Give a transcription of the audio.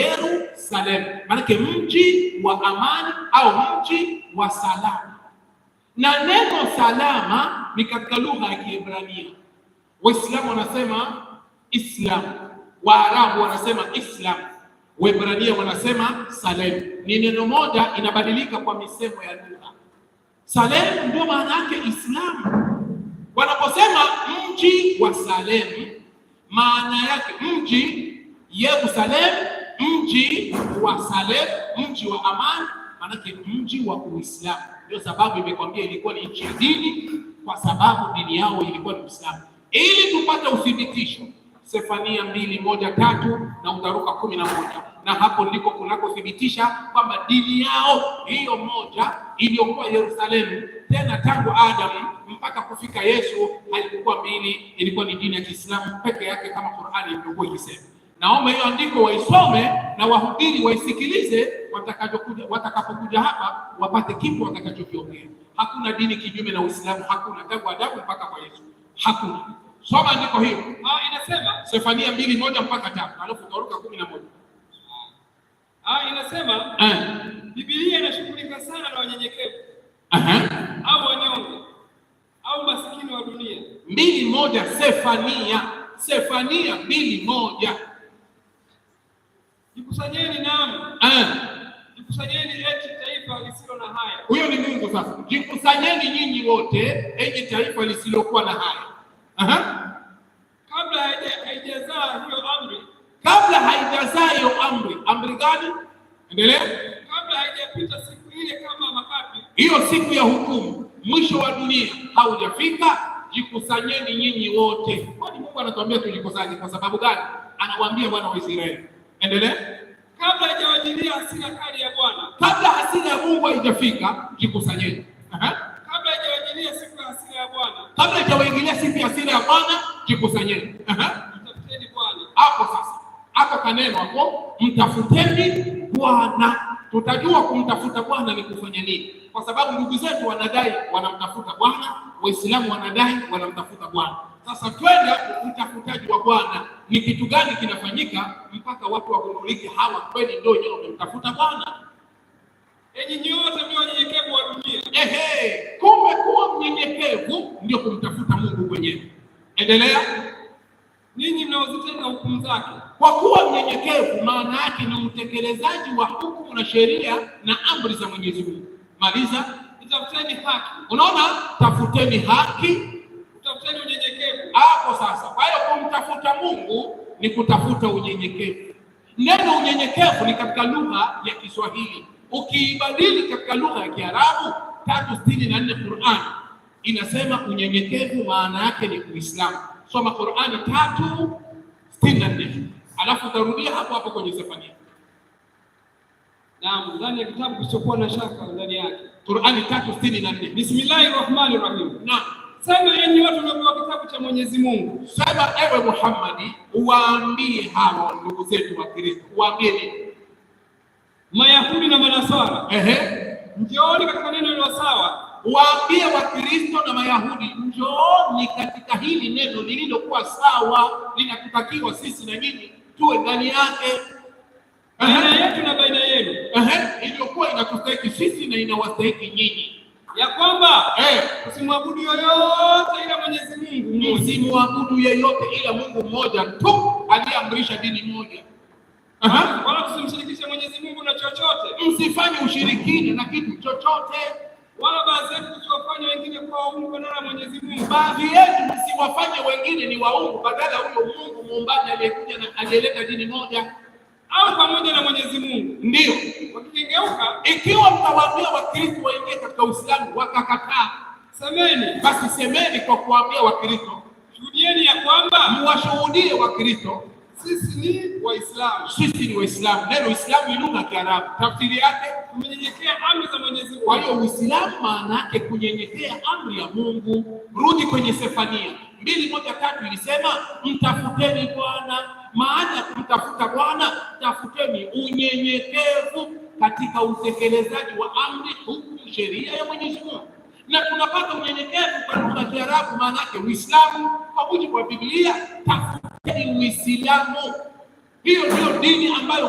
Yerusalemu, maanake mji wa amani au mji wa salama. Na neno salama ni katika lugha ya Kiebrania. Waislamu wanasema Islam, Waarabu wanasema Islam, Waebrania wanasema Salem. Ni neno moja, inabadilika kwa misemo ya lugha. Salem ndio maana yake Islamu. Wanaposema mji wa Salem, maana yake mji Yerusalemu mji wa Salem, mji wa amani, maanake mji wa Uislamu. Ndio sababu imekwambia ilikuwa ni nchi ya dini, kwa sababu dini yao ilikuwa ni Uislamu. Ili tupate uthibitisho, Sefania mbili moja tatu na utaruka kumi na moja na hapo ndiko kunakothibitisha kwamba dini yao hiyo moja iliyokuwa Yerusalemu, tena tangu adam mpaka kufika Yesu haikuwa mbili, ilikuwa ni dini ya Kiislamu peke yake, kama Qur'ani ilivyokuwa ikisema. Naomba hiyo andiko waisome na wahubiri waisikilize, watakapokuja watakapokuja hapa wapate kipo watakachokiongea. Hakuna dini kinyume na Uislamu, hakuna tangu Adamu mpaka kwa Yesu, hakuna. Soma andiko hiyo, ah, inasema Sefania mbili moja mpaka tano alafu utaruka kumi na moja. Ah, inasema eh. Biblia inashughulika sana na wanyenyekevu au wanyonge au maskini wa dunia. mbili moja Sefania, Sefania mbili moja Jikusanyeni nami. Eh. Jikusanyeni eti taifa lisilo na haya. Huyo ni Mungu sasa. Jikusanyeni nyinyi wote eti taifa lisilokuwa na haya. Aha. Kabla haijazaa hiyo amri. Kabla haijazaa hiyo amri. Amri gani? Endelea. Kabla haijapita siku ile kama makapi. Hiyo siku ya hukumu, mwisho wa dunia haujafika. Jikusanyeni nyinyi wote. Kwani Mungu anatuambia tujikusanye kwa sababu gani? Anawaambia wana wa Israeli endelea Kabla haijawajilia hasira kali ya Bwana, kabla hasira ya Mungu haijafika, jikusanyeni. Kabla haijawajilia siku ya hasira ya Bwana, kabla haijawaingilia siku ya hasira ya Bwana, jikusanyeni. Mtafuteni Bwana. Hapo sasa, hapo kaneno hapo, mtafuteni Bwana. Tutajua kumtafuta Bwana ni kufanya nini, kwa sababu ndugu zetu wanadai wanamtafuta Bwana, Waislamu wanadai wanamtafuta Bwana sasa twende utafutaji wa Bwana ni kitu gani kinafanyika mpaka watu wagundulike hawa kweli ndio wenyewe wamemtafuta Bwana. Enyi nyote mlio wanyenyekevu wa dunia. Ehe, kumbe kuwa mnyenyekevu ndio kumtafuta Mungu mwenyewe. Endelea. Ninyi mnaozitenda hukumu zake. Kwa kuwa mnyenyekevu, maana yake ni utekelezaji wa hukumu na sheria na amri za Mwenyezi Mungu. Maliza. Tafuteni haki. Unaona, tafuteni haki hapo sasa. Kwa hiyo kumtafuta Mungu ni kutafuta unyenyekevu. Neno unyenyekevu ni katika lugha ya Kiswahili, ukiibadili katika lugha ya Kiarabu tatu sitini na nne Qur'an inasema unyenyekevu maana yake ni Uislamu. Soma Qur'ani tatu sitini na nne alafu utarudia hapo hapo kwenye Sefania. Naam, ndani ya kitabu kisichokuwa na shaka ndani yake Qur'ani tatu sitini na nne Rahim. Naam. Sema enyi watu waliopewa kitabu cha Mwenyezi Mungu. Sema ewe Muhammadi, uwaambie hawa ndugu zetu wa Kristo, uwaambie Mayahudi na Manaswara, ehe, njooni katika neno lililo sawa. Waambie Wakristo na Mayahudi, njooni katika hili neno lililokuwa sawa, linatutakiwa sisi na nyinyi tuwe ndani yake, baina yetu na baina yenu, ehe, iliyokuwa inatustahiki sisi na inawastahiki nyinyi ya kwamba eh, usimwabudu yoyote ila Mwenyezi Mungu, usimwabudu yeyote ila Mungu mmoja tu aliyeamrisha dini moja. Aha, wala usimshirikishe Mwenyezi Mungu na chochote, msifanye ushirikini na kitu chochote, wala baadhi yetu tusiwafanye wengine kwa waungu badala ya Mwenyezi Mungu. Baadhi yetu msiwafanye wengine ni waungu badala huyo Mungu muumbaji aliyekuja na aliyeleta dini moja au pamoja na Mwenyezi Mungu. Ndio wakigeuka, ikiwa mtawaambia Wakristo waingie katika Uislamu wakakataa, semeni basi, semeni kwa kuambia Wakristo, shuhudieni ya kwamba muwashuhudie Wakristo sisi ni Waislamu, sisi ni Waislamu. Neno Uislamu ni lugha ya Kiarabu, tafsiri yake kunyenyekea amri za Mwenyezi Mungu. Kwa hiyo Uislamu maana yake kunyenyekea amri ya Mungu. Rudi kwenye Sefania mbili moja tatu ilisema mtafuteni Bwana, maana kumtafuta Bwana ni unyenyekevu katika utekelezaji wa amri, hukumu, sheria ya Mwenyezi Mungu. Na tunapata unyenyekevu kwa lugha ya Kiarabu, maana yake Uislamu. Kwa mujibu wa Biblia, tafuteni Uislamu. Hiyo ndiyo dini ambayo